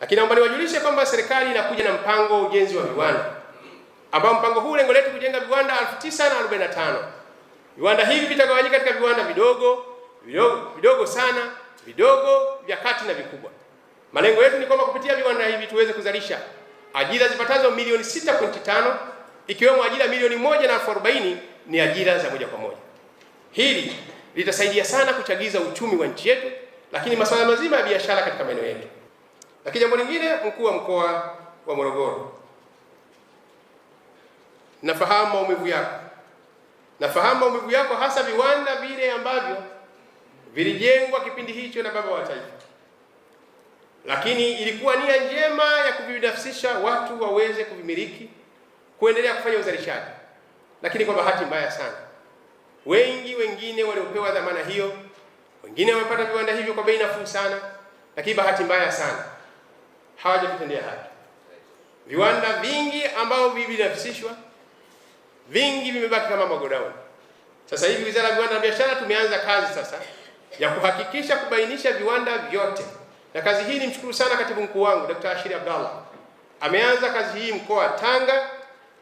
Lakini naomba niwajulishe kwamba serikali inakuja na mpango wa ujenzi wa viwanda ambao mpango huu lengo letu kujenga viwanda 9,045. Viwanda hivi vitagawanyika katika viwanda vidogo, vidogo, vidogo sana, vidogo, vya kati na vikubwa. Malengo yetu ni kwamba kupitia viwanda hivi tuweze kuzalisha ajira zipatazo milioni 6.5 ikiwemo ajira milioni moja na elfu arobaini ni ajira za moja kwa moja. Hili litasaidia sana kuchagiza uchumi wa nchi yetu, lakini masuala mazima ya biashara katika maeneo yetu. Lakini jambo lingine, mkuu wa mkoa wa Morogoro, nafahamu maumivu yako, nafahamu maumivu yako, hasa viwanda vile ambavyo vilijengwa kipindi hicho na baba wa taifa, lakini ilikuwa nia njema ya kuvibinafsisha, watu waweze kuvimiliki, kuendelea kufanya uzalishaji, lakini kwa bahati mbaya sana wengi wengine waliopewa dhamana hiyo, wengine wamepata viwanda hivyo kwa bei nafuu sana, lakini bahati mbaya sana hawajavitendea haki. Viwanda vingi ambao vinafisishwa vingi vimebaki kama magodauni. Sasa hivi Wizara ya Viwanda na Biashara tumeanza kazi sasa ya kuhakikisha kubainisha viwanda vyote, na kazi hii nimshukuru sana katibu mkuu wangu Dr. Ashiri Abdallah ameanza kazi hii mkoa wa Tanga,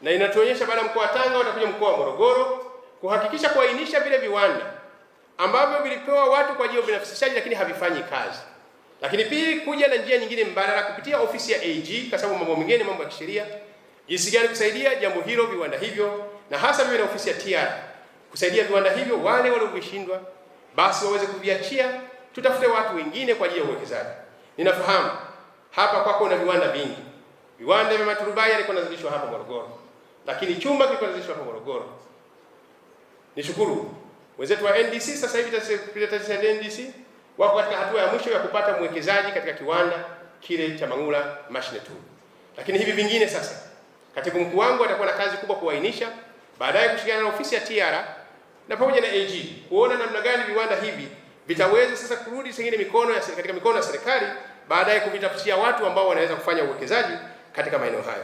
na inatuonyesha baada ya mkoa wa Tanga watakuja mkoa wa Morogoro kuhakikisha kuainisha vile viwanda ambavyo vilipewa watu kwa ajili ya ubinafsishaji lakini havifanyi kazi. Lakini pili, kuja na njia nyingine mbadala kupitia ofisi ya AG, kwa sababu mambo mengine mambo ya kisheria, jinsi gani kusaidia jambo hilo viwanda hivyo, na hasa mimi na ofisi ya TR kusaidia viwanda hivyo, wale walioshindwa basi waweze kuviachia, tutafute watu wengine kwa ajili ya uwekezaji. Ninafahamu hapa kwako na viwanda vingi, viwanda vya maturubai yalikuwa yanazalishwa hapa Morogoro, lakini chumba kilikuwa kinazalishwa hapa Morogoro. Nishukuru wenzetu wa NDC sasa hivi NDC wako katika hatua ya mwisho ya kupata mwekezaji katika kiwanda kile cha Mang'ula Machine Tool. Lakini hivi vingine sasa, katibu mkuu wangu atakuwa na kazi kubwa kuainisha, baadaye kushirikiana na ofisi ya TRA na pamoja na AG kuona namna gani viwanda hivi vitaweza sasa kurudi sengine mikono ya katika mikono ya serikali, baadaye kuvitafutia watu ambao wanaweza kufanya uwekezaji katika maeneo hayo.